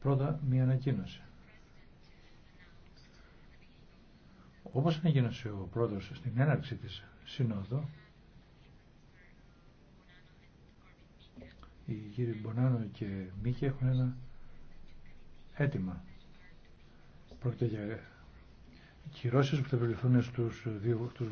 Πρώτα, μία ανακοίνωση. Όπως ανακοίνωσε ο πρόεδρος στην έναρξη της Συνόδου, οι κύριοι Μπονάνο και Μίκη έχουν ένα αίτημα. Πρόκειται για κυρώσεις που θα επιβληθούν στους δύο αυτούς